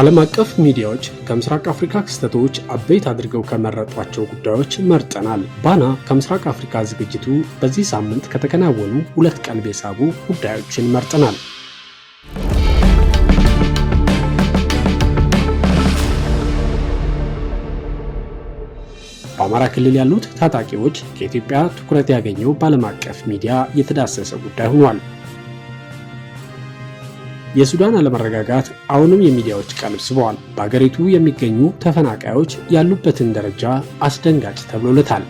ዓለም አቀፍ ሚዲያዎች ከምስራቅ አፍሪካ ክስተቶች አበይት አድርገው ከመረጧቸው ጉዳዮች መርጠናል። ባና ከምስራቅ አፍሪካ ዝግጅቱ በዚህ ሳምንት ከተከናወኑ ሁለት ቀልብ የሳቡ ጉዳዮችን መርጠናል። በአማራ ክልል ያሉት ታጣቂዎች ከኢትዮጵያ ትኩረት ያገኘው በዓለም አቀፍ ሚዲያ የተዳሰሰ ጉዳይ ሆኗል። የሱዳን አለመረጋጋት አሁንም የሚዲያዎች ቀልብ ስበዋል። በአገሪቱ የሚገኙ ተፈናቃዮች ያሉበትን ደረጃ አስደንጋጭ ተብሎለታል።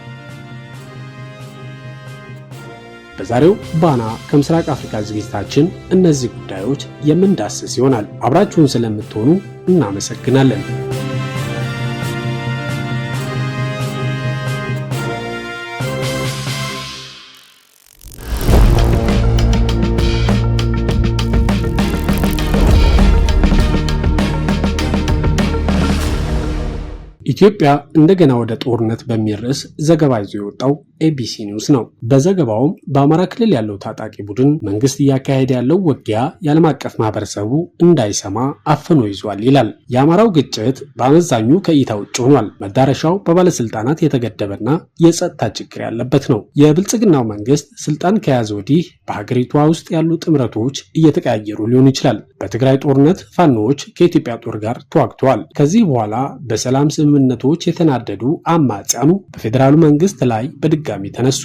በዛሬው ባና ከምስራቅ አፍሪካ ዝግጅታችን እነዚህ ጉዳዮች የምንዳስስ ይሆናል። አብራችሁን ስለምትሆኑ እናመሰግናለን። ኢትዮጵያ እንደገና ወደ ጦርነት በሚል ርዕስ ዘገባ ይዞ የወጣው ኤቢሲ ኒውስ ነው። በዘገባውም በአማራ ክልል ያለው ታጣቂ ቡድን መንግስት እያካሄደ ያለው ውጊያ የዓለም አቀፍ ማህበረሰቡ እንዳይሰማ አፍኖ ይዟል ይላል። የአማራው ግጭት በአመዛኙ ከእይታ ውጭ ሆኗል። መዳረሻው በባለስልጣናት የተገደበና የጸጥታ ችግር ያለበት ነው። የብልጽግናው መንግስት ስልጣን ከያዘ ወዲህ በሀገሪቷ ውስጥ ያሉ ጥምረቶች እየተቀያየሩ ሊሆን ይችላል። በትግራይ ጦርነት ፋኖዎች ከኢትዮጵያ ጦር ጋር ተዋግተዋል። ከዚህ በኋላ በሰላም ስምምነቶች የተናደዱ አማጽያኑ በፌዴራሉ መንግስት ላይ በድጋ በድጋሚ ተነሱ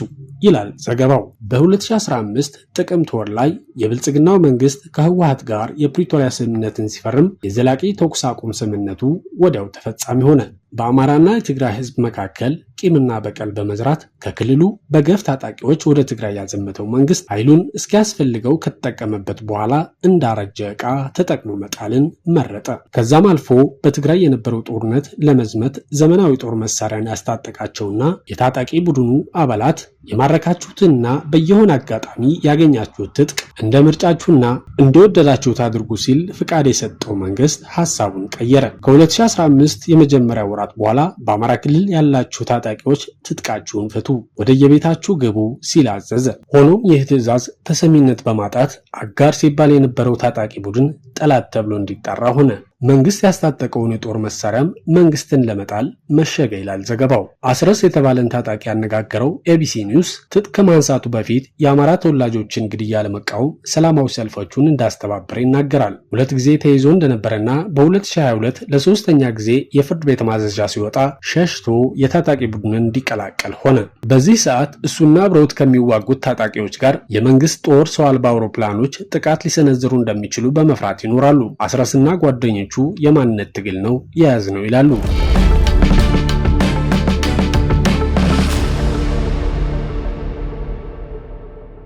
ይላል ዘገባው። በ2015 ጥቅምት ወር ላይ የብልጽግናው መንግስት ከህወሀት ጋር የፕሪቶሪያ ስምምነትን ሲፈርም የዘላቂ ተኩስ አቁም ስምምነቱ ወዲያው ተፈጻሚ ሆነ። በአማራና የትግራይ ህዝብ መካከል ቂምና በቀል በመዝራት ከክልሉ በገፍ ታጣቂዎች ወደ ትግራይ ያዘመተው መንግስት ኃይሉን እስኪያስፈልገው ከተጠቀመበት በኋላ እንዳረጀ ዕቃ ተጠቅሞ መጣልን መረጠ። ከዛም አልፎ በትግራይ የነበረው ጦርነት ለመዝመት ዘመናዊ ጦር መሳሪያን ያስታጠቃቸውና የታጣቂ ቡድኑ አባላት የማረካችሁትንና በየሆነ አጋጣሚ ያገኛችሁት ትጥቅ እንደ ምርጫችሁና እንደወደዳችሁት አድርጉ ሲል ፍቃድ የሰጠው መንግስት ሀሳቡን ቀየረ። ከ2015 የመጀመሪያ ወራ ወራት በኋላ በአማራ ክልል ያላችሁ ታጣቂዎች ትጥቃችሁን ፍቱ፣ ወደ የቤታችሁ ግቡ ሲል አዘዘ። ሆኖም ይህ ትዕዛዝ ተሰሚነት በማጣት አጋር ሲባል የነበረው ታጣቂ ቡድን ጠላት ተብሎ እንዲጠራ ሆነ። መንግስት ያስታጠቀውን የጦር መሳሪያም መንግስትን ለመጣል መሸገ ይላል ዘገባው። አስረስ የተባለን ታጣቂ ያነጋገረው ኤቢሲ ኒውስ ትጥቅ ከማንሳቱ በፊት የአማራ ተወላጆችን ግድያ ለመቃወም ሰላማዊ ሰልፎቹን እንዳስተባበረ ይናገራል። ሁለት ጊዜ ተይዞ እንደነበረና በ2022 ለሶስተኛ ጊዜ የፍርድ ቤት ማዘዣ ሲወጣ ሸሽቶ የታጣቂ ቡድን እንዲቀላቀል ሆነ። በዚህ ሰዓት እሱና አብረውት ከሚዋጉት ታጣቂዎች ጋር የመንግስት ጦር ሰው አልባ አውሮፕላኖች ጥቃት ሊሰነዝሩ እንደሚችሉ በመፍራት ይኖራሉ። አስረስና ጓደኞች የማንነት ትግል ነው የያዝ ነው ይላሉ።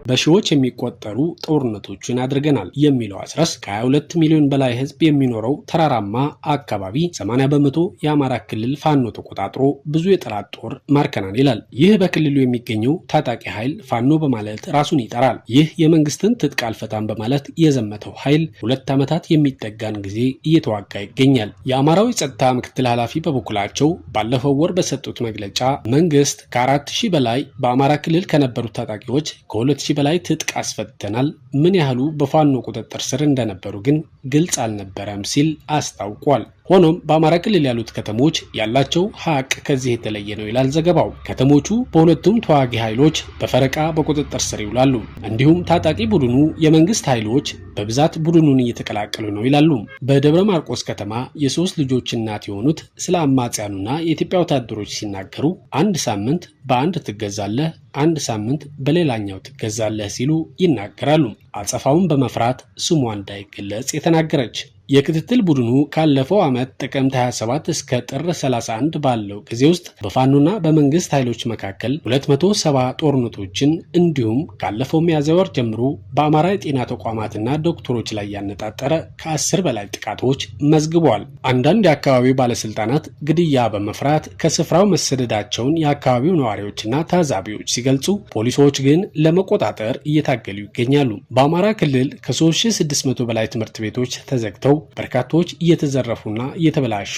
በሺዎች የሚቆጠሩ ጦርነቶችን አድርገናል የሚለው አስረስ ከ22 ሚሊዮን በላይ ህዝብ የሚኖረው ተራራማ አካባቢ 80 በመቶ የአማራ ክልል ፋኖ ተቆጣጥሮ ብዙ የጠላት ጦር ማርከናል ይላል። ይህ በክልሉ የሚገኘው ታጣቂ ኃይል ፋኖ በማለት ራሱን ይጠራል። ይህ የመንግስትን ትጥቅ አልፈታም በማለት የዘመተው ኃይል ሁለት ዓመታት የሚጠጋን ጊዜ እየተዋጋ ይገኛል። የአማራው የጸጥታ ምክትል ኃላፊ በበኩላቸው ባለፈው ወር በሰጡት መግለጫ መንግስት ከ4000 በላይ በአማራ ክልል ከነበሩት ታጣቂዎች ከ 20 በላይ ትጥቅ አስፈትተናል፣ ምን ያህሉ በፋኖ ቁጥጥር ስር እንደነበሩ ግን ግልጽ አልነበረም ሲል አስታውቋል። ሆኖም በአማራ ክልል ያሉት ከተሞች ያላቸው ሀቅ ከዚህ የተለየ ነው ይላል ዘገባው። ከተሞቹ በሁለቱም ተዋጊ ኃይሎች በፈረቃ በቁጥጥር ስር ይውላሉ። እንዲሁም ታጣቂ ቡድኑ የመንግስት ኃይሎች በብዛት ቡድኑን እየተቀላቀሉ ነው ይላሉ። በደብረ ማርቆስ ከተማ የሶስት ልጆች እናት የሆኑት ስለ አማጽያኑና የኢትዮጵያ ወታደሮች ሲናገሩ አንድ ሳምንት በአንድ ትገዛለህ፣ አንድ ሳምንት በሌላኛው ትገዛለህ ሲሉ ይናገራሉ። አጸፋውን በመፍራት ስሟ እንዳይገለጽ የተናገረች የክትትል ቡድኑ ካለፈው ዓመት ጥቅምት 27 እስከ ጥር 31 ባለው ጊዜ ውስጥ በፋኖና በመንግስት ኃይሎች መካከል 270 ጦርነቶችን እንዲሁም ካለፈው ሚያዝያ ወር ጀምሮ በአማራ የጤና ተቋማትና ዶክተሮች ላይ ያነጣጠረ ከ10 በላይ ጥቃቶች መዝግቧል። አንዳንድ የአካባቢው ባለስልጣናት ግድያ በመፍራት ከስፍራው መሰደዳቸውን የአካባቢው ነዋሪዎችና ታዛቢዎች ሲገልጹ፣ ፖሊሶች ግን ለመቆጣጠር እየታገሉ ይገኛሉ። በአማራ ክልል ከ3600 በላይ ትምህርት ቤቶች ተዘግተው በርካቶች እየተዘረፉና እየተበላሹ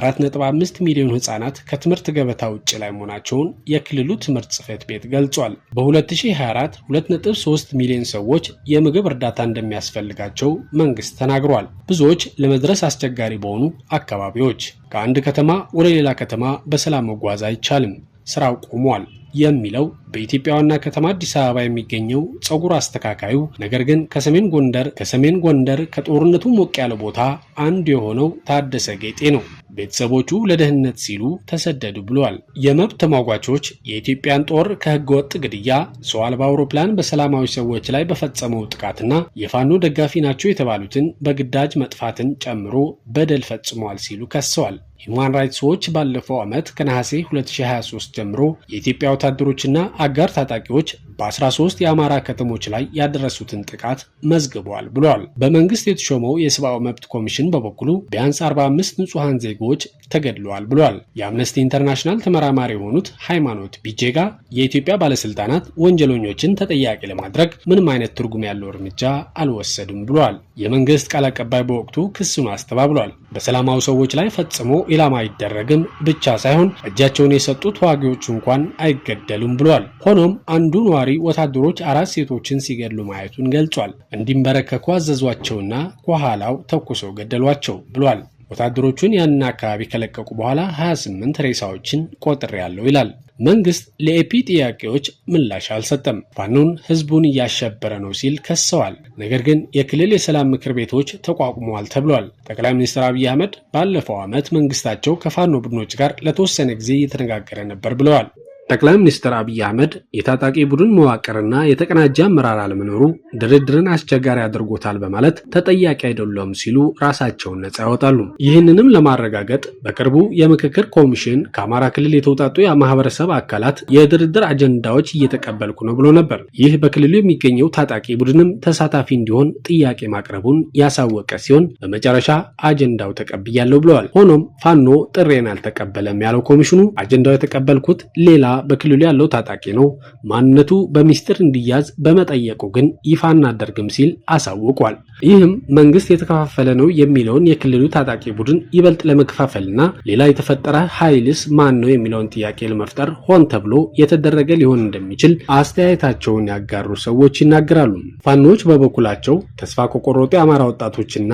4.5 ሚሊዮን ህጻናት ከትምህርት ገበታ ውጭ ላይ መሆናቸውን የክልሉ ትምህርት ጽህፈት ቤት ገልጿል። በ2024 2.3 ሚሊዮን ሰዎች የምግብ እርዳታ እንደሚያስፈልጋቸው መንግስት ተናግሯል። ብዙዎች ለመድረስ አስቸጋሪ በሆኑ አካባቢዎች ከአንድ ከተማ ወደ ሌላ ከተማ በሰላም መጓዝ አይቻልም። ስራው ቆሟል። የሚለው በኢትዮጵያ ዋና ከተማ አዲስ አበባ የሚገኘው ጸጉር አስተካካዩ ነገር ግን ከሰሜን ጎንደር ከሰሜን ጎንደር ከጦርነቱ ሞቅ ያለ ቦታ አንድ የሆነው ታደሰ ጌጤ ነው። ቤተሰቦቹ ለደህንነት ሲሉ ተሰደዱ ብለዋል። የመብት ተሟጓቾች የኢትዮጵያን ጦር ወጥ ግድያ፣ ሰው አልባ አውሮፕላን በሰላማዊ ሰዎች ላይ በፈጸመው ጥቃትና የፋኖ ደጋፊ ናቸው የተባሉትን በግዳጅ መጥፋትን ጨምሮ በደል ፈጽመዋል ሲሉ ከሰዋል። ሂውማን ራይትስ ዎች ባለፈው ዓመት ከነሐሴ 2023 ጀምሮ የኢትዮጵያ ወታደሮችና አጋር ታጣቂዎች በ13 የአማራ ከተሞች ላይ ያደረሱትን ጥቃት መዝግቧል ብሏል። በመንግስት የተሾመው የሰብአዊ መብት ኮሚሽን በበኩሉ ቢያንስ 45 ንጹሐን ዜጎች ተገድለዋል ብሏል። የአምነስቲ ኢንተርናሽናል ተመራማሪ የሆኑት ሃይማኖት ቢጄጋ የኢትዮጵያ ባለስልጣናት ወንጀለኞችን ተጠያቂ ለማድረግ ምንም አይነት ትርጉም ያለው እርምጃ አልወሰድም ብሏል። የመንግስት ቃል አቀባይ በወቅቱ ክሱን አስተባብሏል። በሰላማዊ ሰዎች ላይ ፈጽሞ ኢላማ አይደረግም ብቻ ሳይሆን እጃቸውን የሰጡ ተዋጊዎች እንኳን አይገደሉም ብሏል። ሆኖም አንዱ ነዋሪ በተጨማሪ ወታደሮች አራት ሴቶችን ሲገድሉ ማየቱን ገልጿል። እንዲንበረከኩ አዘዟቸውና ከኋላው ተኩሰው ገደሏቸው ብሏል። ወታደሮቹን ያንን አካባቢ ከለቀቁ በኋላ 28 ሬሳዎችን ቆጥሬያለሁ ይላል። መንግስት ለኤፒ ጥያቄዎች ምላሽ አልሰጠም። ፋኖን ህዝቡን እያሸበረ ነው ሲል ከሰዋል። ነገር ግን የክልል የሰላም ምክር ቤቶች ተቋቁመዋል ተብሏል። ጠቅላይ ሚኒስትር አብይ አህመድ ባለፈው ዓመት መንግስታቸው ከፋኖ ቡድኖች ጋር ለተወሰነ ጊዜ እየተነጋገረ ነበር ብለዋል። ጠቅላይ ሚኒስትር አብይ አህመድ የታጣቂ ቡድን መዋቅርና የተቀናጀ አመራር አለመኖሩ ድርድርን አስቸጋሪ አድርጎታል በማለት ተጠያቂ አይደሉም ሲሉ ራሳቸውን ነጻ ያወጣሉ። ይህንንም ለማረጋገጥ በቅርቡ የምክክር ኮሚሽን ከአማራ ክልል የተውጣጡ የማህበረሰብ አካላት የድርድር አጀንዳዎች እየተቀበልኩ ነው ብሎ ነበር። ይህ በክልሉ የሚገኘው ታጣቂ ቡድንም ተሳታፊ እንዲሆን ጥያቄ ማቅረቡን ያሳወቀ ሲሆን በመጨረሻ አጀንዳው ተቀብያለሁ ብለዋል። ሆኖም ፋኖ ጥሬን አልተቀበለም ያለው ኮሚሽኑ አጀንዳው የተቀበልኩት ሌላ በክልሉ ያለው ታጣቂ ነው፣ ማንነቱ በሚስጥር እንዲያዝ በመጠየቁ ግን ይፋ እናደርግም ሲል አሳውቋል። ይህም መንግስት የተከፋፈለ ነው የሚለውን የክልሉ ታጣቂ ቡድን ይበልጥ ለመከፋፈልና ሌላ የተፈጠረ ኃይልስ ማን ነው የሚለውን ጥያቄ ለመፍጠር ሆን ተብሎ የተደረገ ሊሆን እንደሚችል አስተያየታቸውን ያጋሩ ሰዎች ይናገራሉ። ፋኖዎች በበኩላቸው ተስፋ ከቆረጡ የአማራ ወጣቶችና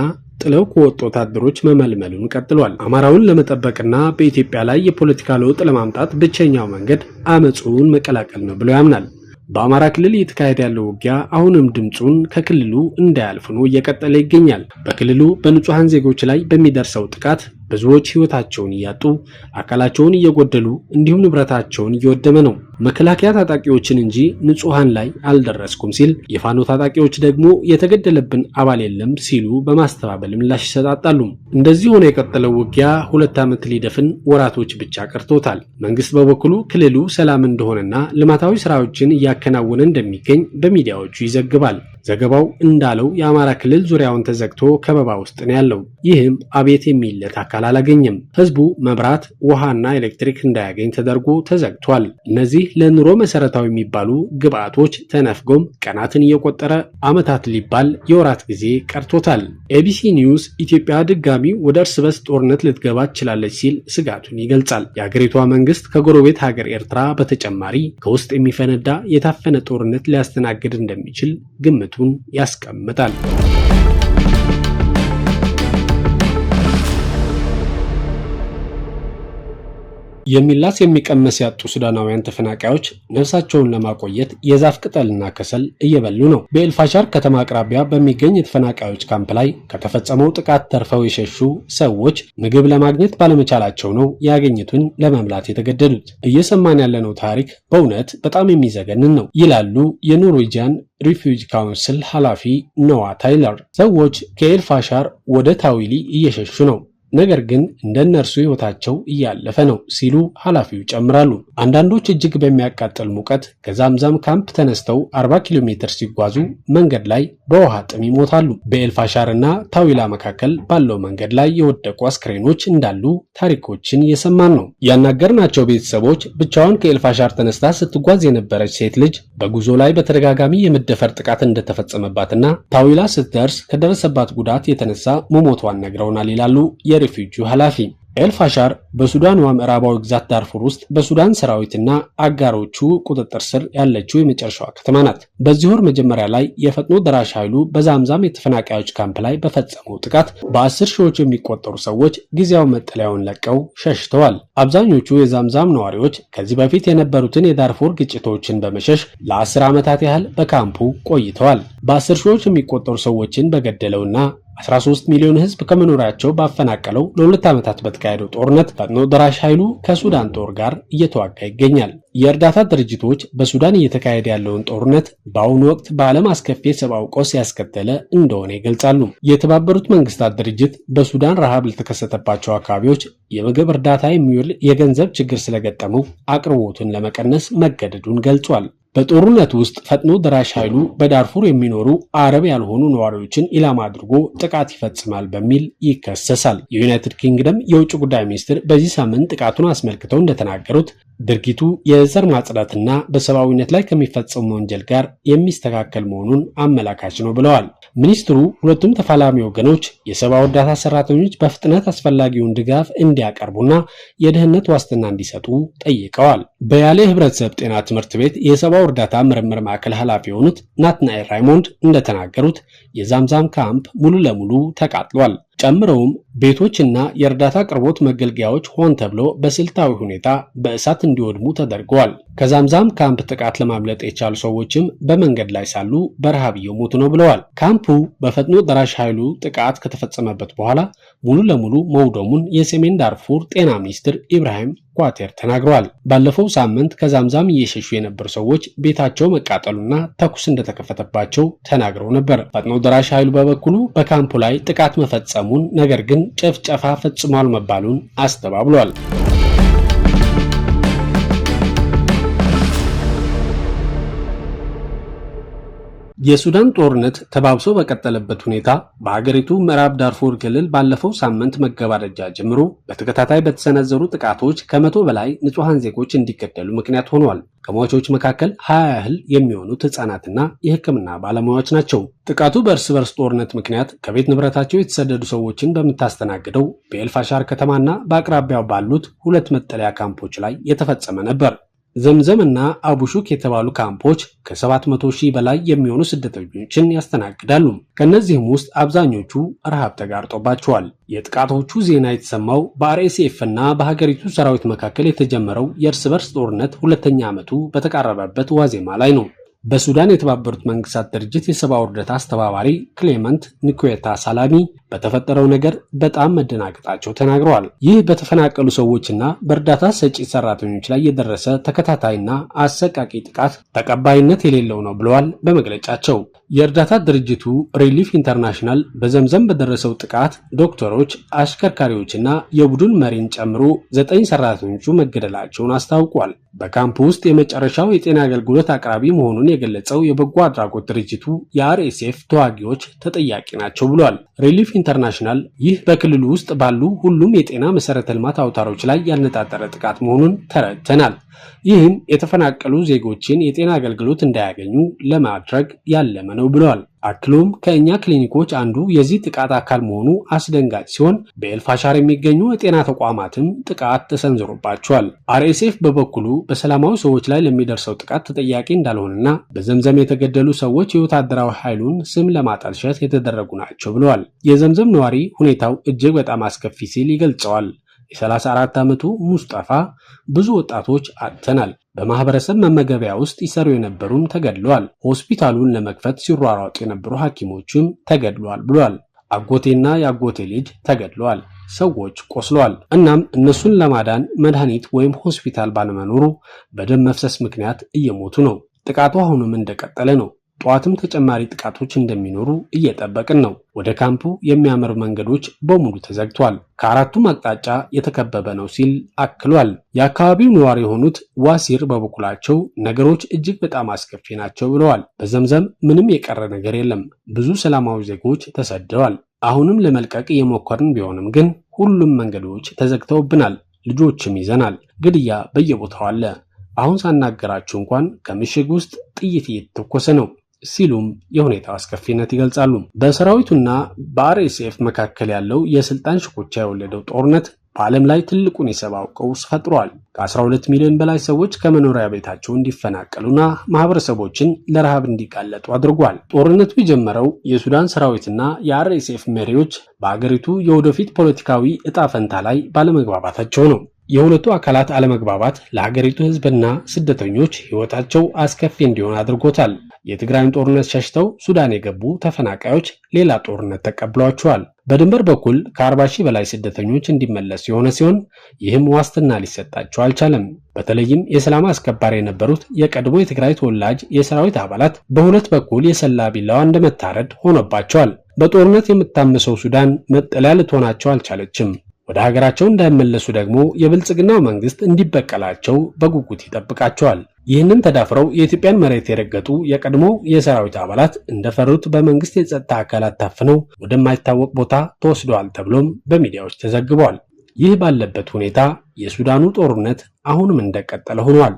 ጥለው ከወጡ ወታደሮች መመልመሉን ቀጥሏል። አማራውን ለመጠበቅና በኢትዮጵያ ላይ የፖለቲካ ለውጥ ለማምጣት ብቸኛው መንገድ አመፁን መቀላቀል ነው ብሎ ያምናል። በአማራ ክልል እየተካሄደ ያለው ውጊያ አሁንም ድምፁን ከክልሉ እንዳያልፍ ሆኖ እየቀጠለ ይገኛል። በክልሉ በንጹሐን ዜጎች ላይ በሚደርሰው ጥቃት ብዙዎች ሕይወታቸውን እያጡ አካላቸውን እየጎደሉ እንዲሁም ንብረታቸውን እየወደመ ነው። መከላከያ ታጣቂዎችን እንጂ ንጹሐን ላይ አልደረስኩም ሲል፣ የፋኖ ታጣቂዎች ደግሞ የተገደለብን አባል የለም ሲሉ በማስተባበል ምላሽ ይሰጣጣሉ። እንደዚህ ሆነ የቀጠለው ውጊያ ሁለት ዓመት ሊደፍን ወራቶች ብቻ ቀርቶታል። መንግስት በበኩሉ ክልሉ ሰላም እንደሆነና ልማታዊ ስራዎችን እያከናወነ እንደሚገኝ በሚዲያዎቹ ይዘግባል። ዘገባው እንዳለው የአማራ ክልል ዙሪያውን ተዘግቶ ከበባ ውስጥ ነው ያለው። ይህም አቤት የሚለት አካል አላገኘም። ህዝቡ መብራት፣ ውሃና ኤሌክትሪክ እንዳያገኝ ተደርጎ ተዘግቷል። እነዚህ ለኑሮ መሰረታዊ የሚባሉ ግብዓቶች ተነፍጎም ቀናትን እየቆጠረ ዓመታት ሊባል የወራት ጊዜ ቀርቶታል። ኤቢሲ ኒውስ ኢትዮጵያ ድጋሚ ወደ እርስ በርስ ጦርነት ልትገባ ትችላለች ሲል ስጋቱን ይገልጻል። የአገሪቷ መንግስት ከጎረቤት ሀገር ኤርትራ በተጨማሪ ከውስጥ የሚፈነዳ የታፈነ ጦርነት ሊያስተናግድ እንደሚችል ግምቱ ውጤቱን ያስቀምጣል። የሚላስ የሚቀመስ ያጡ ሱዳናውያን ተፈናቃዮች ነፍሳቸውን ለማቆየት የዛፍ ቅጠልና ከሰል እየበሉ ነው። በኤልፋሻር ከተማ አቅራቢያ በሚገኝ የተፈናቃዮች ካምፕ ላይ ከተፈጸመው ጥቃት ተርፈው የሸሹ ሰዎች ምግብ ለማግኘት ባለመቻላቸው ነው ያገኙትን ለመምላት የተገደዱት። እየሰማን ያለነው ታሪክ በእውነት በጣም የሚዘገንን ነው ይላሉ የኖርዌጂያን ሪፊውጅ ካውንስል ኃላፊ ኖዋ ታይለር ሰዎች ከኤልፋሻር ወደ ታዊሊ እየሸሹ ነው ነገር ግን እንደ እነርሱ ህይወታቸው እያለፈ ነው ሲሉ ኃላፊው ጨምራሉ። አንዳንዶች እጅግ በሚያቃጥል ሙቀት ከዛምዛም ካምፕ ተነስተው 40 ኪሎ ሜትር ሲጓዙ መንገድ ላይ በውሃ ጥም ይሞታሉ። በኤልፋሻር እና ታዊላ መካከል ባለው መንገድ ላይ የወደቁ አስክሬኖች እንዳሉ ታሪኮችን እየሰማን ነው። ያናገርናቸው ቤተሰቦች ብቻዋን ከኤልፋሻር ተነስታ ስትጓዝ የነበረች ሴት ልጅ በጉዞ ላይ በተደጋጋሚ የመደፈር ጥቃት እንደተፈጸመባትና ታዊላ ስትደርስ ከደረሰባት ጉዳት የተነሳ መሞቷን ነግረውናል ይላሉ የሪፊጁ ኃላፊ። ኤልፋሻር በሱዳኗ ምዕራባዊ ግዛት ዳርፉር ውስጥ በሱዳን ሰራዊትና አጋሮቹ ቁጥጥር ስር ያለችው የመጨረሻዋ ከተማ ናት። በዚህ ወር መጀመሪያ ላይ የፈጥኖ ደራሽ ኃይሉ በዛምዛም የተፈናቃዮች ካምፕ ላይ በፈጸመው ጥቃት በአስር ሺዎች የሚቆጠሩ ሰዎች ጊዜያዊ መጠለያውን ለቀው ሸሽተዋል። አብዛኞቹ የዛምዛም ነዋሪዎች ከዚህ በፊት የነበሩትን የዳርፉር ግጭቶችን በመሸሽ ለአስር ዓመታት ያህል በካምፑ ቆይተዋል። በአስር ሺዎች የሚቆጠሩ ሰዎችን በገደለውና 13 ሚሊዮን ህዝብ ከመኖሪያቸው ባፈናቀለው ለሁለት ዓመታት በተካሄደው ጦርነት ፈጥኖ ደራሽ ኃይሉ ከሱዳን ጦር ጋር እየተዋጋ ይገኛል። የእርዳታ ድርጅቶች በሱዳን እየተካሄደ ያለውን ጦርነት በአሁኑ ወቅት በዓለም አስከፊ የሰብአዊ ቀውስ ያስከተለ እንደሆነ ይገልጻሉ። የተባበሩት መንግስታት ድርጅት በሱዳን ረሃብ ለተከሰተባቸው አካባቢዎች የምግብ እርዳታ የሚውል የገንዘብ ችግር ስለገጠመው አቅርቦቱን ለመቀነስ መገደዱን ገልጿል። በጦርነት ውስጥ ፈጥኖ ደራሽ ኃይሉ በዳርፉር የሚኖሩ አረብ ያልሆኑ ነዋሪዎችን ኢላማ አድርጎ ጥቃት ይፈጽማል በሚል ይከሰሳል። የዩናይትድ ኪንግደም የውጭ ጉዳይ ሚኒስትር በዚህ ሳምንት ጥቃቱን አስመልክተው እንደተናገሩት ድርጊቱ የዘር ማጽዳትና በሰብአዊነት ላይ ከሚፈጸሙ ወንጀል ጋር የሚስተካከል መሆኑን አመላካች ነው ብለዋል። ሚኒስትሩ ሁለቱም ተፋላሚ ወገኖች የሰብአዊ እርዳታ ሰራተኞች በፍጥነት አስፈላጊውን ድጋፍ እንዲያቀርቡና የደህንነት ዋስትና እንዲሰጡ ጠይቀዋል። በያሌ ህብረተሰብ ጤና ትምህርት ቤት የሰብአዊ እርዳታ ምርምር ማዕከል ኃላፊ የሆኑት ናትናኤል ራይሞንድ እንደተናገሩት የዛምዛም ካምፕ ሙሉ ለሙሉ ተቃጥሏል። ጨምረውም ቤቶችና የእርዳታ አቅርቦት መገልገያዎች ሆን ተብሎ በስልታዊ ሁኔታ በእሳት እንዲወድሙ ተደርገዋል። ከዛምዛም ካምፕ ጥቃት ለማምለጥ የቻሉ ሰዎችም በመንገድ ላይ ሳሉ በረሃብ እየሞቱ ነው ብለዋል። ካምፑ በፈጥኖ ደራሽ ኃይሉ ጥቃት ከተፈጸመበት በኋላ ሙሉ ለሙሉ መውደሙን የሰሜን ዳርፉር ጤና ሚኒስትር ኢብራሂም ኳቴር ተናግረዋል። ባለፈው ሳምንት ከዛምዛም እየሸሹ የነበሩ ሰዎች ቤታቸው መቃጠሉና ተኩስ እንደተከፈተባቸው ተናግረው ነበር። ፈጥኖ ደራሽ ኃይሉ በበኩሉ በካምፑ ላይ ጥቃት መፈጸሙን ነገር ግን ጭፍጨፋ ፈጽሟል መባሉን አስተባብሏል። የሱዳን ጦርነት ተባብሶ በቀጠለበት ሁኔታ በሀገሪቱ ምዕራብ ዳርፎር ክልል ባለፈው ሳምንት መገባደጃ ጀምሮ በተከታታይ በተሰነዘሩ ጥቃቶች ከመቶ በላይ ንጹሐን ዜጎች እንዲገደሉ ምክንያት ሆኗል። ከሟቾች መካከል ሀያ ያህል የሚሆኑት ህጻናትና የህክምና ባለሙያዎች ናቸው። ጥቃቱ በእርስ በርስ ጦርነት ምክንያት ከቤት ንብረታቸው የተሰደዱ ሰዎችን በምታስተናግደው በኤልፋሻር ከተማና በአቅራቢያው ባሉት ሁለት መጠለያ ካምፖች ላይ የተፈጸመ ነበር። ዘምዘም እና አቡሹክ የተባሉ ካምፖች ከ700 ሺህ በላይ የሚሆኑ ስደተኞችን ያስተናግዳሉ። ከእነዚህም ውስጥ አብዛኞቹ ረሃብ ተጋርጦባቸዋል። የጥቃቶቹ ዜና የተሰማው በአርኤስኤፍ እና በሀገሪቱ ሰራዊት መካከል የተጀመረው የእርስ በርስ ጦርነት ሁለተኛ ዓመቱ በተቃረበበት ዋዜማ ላይ ነው። በሱዳን የተባበሩት መንግስታት ድርጅት የሰብአዊ እርዳታ አስተባባሪ ክሌመንት ኒኩዌታ ሳላሚ በተፈጠረው ነገር በጣም መደናገጣቸው ተናግረዋል። ይህ በተፈናቀሉ ሰዎችና በእርዳታ ሰጪ ሰራተኞች ላይ የደረሰ ተከታታይና አሰቃቂ ጥቃት ተቀባይነት የሌለው ነው ብለዋል። በመግለጫቸው የእርዳታ ድርጅቱ ሪሊፍ ኢንተርናሽናል በዘምዘም በደረሰው ጥቃት ዶክተሮች፣ አሽከርካሪዎችና የቡድን መሪን ጨምሮ ዘጠኝ ሰራተኞቹ መገደላቸውን አስታውቋል። በካምፕ ውስጥ የመጨረሻው የጤና አገልግሎት አቅራቢ መሆኑን የገለጸው የበጎ አድራጎት ድርጅቱ የአርኤስኤፍ ተዋጊዎች ተጠያቂ ናቸው ብሏል። ሪሊፍ ኢንተርናሽናል ይህ በክልሉ ውስጥ ባሉ ሁሉም የጤና መሰረተ ልማት አውታሮች ላይ ያነጣጠረ ጥቃት መሆኑን ተረድተናል። ይህም የተፈናቀሉ ዜጎችን የጤና አገልግሎት እንዳያገኙ ለማድረግ ያለመ ነው ብለዋል። አክሎም ከእኛ ክሊኒኮች አንዱ የዚህ ጥቃት አካል መሆኑ አስደንጋጭ ሲሆን በኤልፋሻር የሚገኙ የጤና ተቋማትም ጥቃት ተሰንዝሮባቸዋል። አርኤስኤፍ በበኩሉ በሰላማዊ ሰዎች ላይ ለሚደርሰው ጥቃት ተጠያቂ እንዳልሆነና በዘምዘም የተገደሉ ሰዎች የወታደራዊ ኃይሉን ስም ለማጠልሸት የተደረጉ ናቸው ብለዋል። የዘምዘም ነዋሪ ሁኔታው እጅግ በጣም አስከፊ ሲል ይገልጸዋል። የ34 ዓመቱ ሙስጠፋ ብዙ ወጣቶች አጥተናል። በማህበረሰብ መመገቢያ ውስጥ ይሰሩ የነበሩም ተገድለዋል። ሆስፒታሉን ለመክፈት ሲሯሯጡ የነበሩ ሐኪሞችም ተገድለዋል ብሏል። አጎቴና የአጎቴ ልጅ ተገድለዋል። ሰዎች ቆስለዋል። እናም እነሱን ለማዳን መድኃኒት ወይም ሆስፒታል ባለመኖሩ በደም መፍሰስ ምክንያት እየሞቱ ነው። ጥቃቱ አሁንም እንደቀጠለ ነው። ጠዋትም ተጨማሪ ጥቃቶች እንደሚኖሩ እየጠበቅን ነው። ወደ ካምፑ የሚያመሩ መንገዶች በሙሉ ተዘግቷል፣ ከአራቱም አቅጣጫ የተከበበ ነው ሲል አክሏል። የአካባቢው ነዋሪ የሆኑት ዋሲር በበኩላቸው ነገሮች እጅግ በጣም አስከፊ ናቸው ብለዋል። በዘምዘም ምንም የቀረ ነገር የለም። ብዙ ሰላማዊ ዜጎች ተሰደዋል። አሁንም ለመልቀቅ እየሞከርን ቢሆንም ግን ሁሉም መንገዶች ተዘግተውብናል። ልጆችም ይዘናል። ግድያ በየቦታው አለ። አሁን ሳናገራችሁ እንኳን ከምሽግ ውስጥ ጥይት እየተተኮሰ ነው። ሲሉም የሁኔታው አስከፊነት ይገልጻሉ። በሰራዊቱና በአርኤስኤፍ መካከል ያለው የስልጣን ሽኩቻ የወለደው ጦርነት በዓለም ላይ ትልቁን የሰብአዊ ቀውስ ፈጥሯል። ከ12 ሚሊዮን በላይ ሰዎች ከመኖሪያ ቤታቸው እንዲፈናቀሉና ማህበረሰቦችን ለረሃብ እንዲጋለጡ አድርጓል። ጦርነቱ የጀመረው የሱዳን ሰራዊትና የአርኤስኤፍ መሪዎች በአገሪቱ የወደፊት ፖለቲካዊ እጣ ፈንታ ላይ ባለመግባባታቸው ነው። የሁለቱ አካላት አለመግባባት ለሀገሪቱ ሕዝብና ስደተኞች ሕይወታቸው አስከፊ እንዲሆን አድርጎታል። የትግራይን ጦርነት ሸሽተው ሱዳን የገቡ ተፈናቃዮች ሌላ ጦርነት ተቀብሏቸዋል። በድንበር በኩል ከአርባ ሺህ በላይ ስደተኞች እንዲመለሱ የሆነ ሲሆን ይህም ዋስትና ሊሰጣቸው አልቻለም። በተለይም የሰላም አስከባሪ የነበሩት የቀድሞ የትግራይ ተወላጅ የሰራዊት አባላት በሁለት በኩል የሰላ ቢላዋ እንደመታረድ ሆኖባቸዋል። በጦርነት የምታመሰው ሱዳን መጠለያ ልትሆናቸው አልቻለችም። ወደ ሀገራቸው እንዳይመለሱ ደግሞ የብልጽግናው መንግስት እንዲበቀላቸው በጉጉት ይጠብቃቸዋል። ይህንን ተዳፍረው የኢትዮጵያን መሬት የረገጡ የቀድሞ የሰራዊት አባላት እንደፈሩት በመንግስት የጸጥታ አካላት ታፍነው ወደማይታወቅ ቦታ ተወስደዋል ተብሎም በሚዲያዎች ተዘግቧል። ይህ ባለበት ሁኔታ የሱዳኑ ጦርነት አሁንም እንደቀጠለ ሆኗል።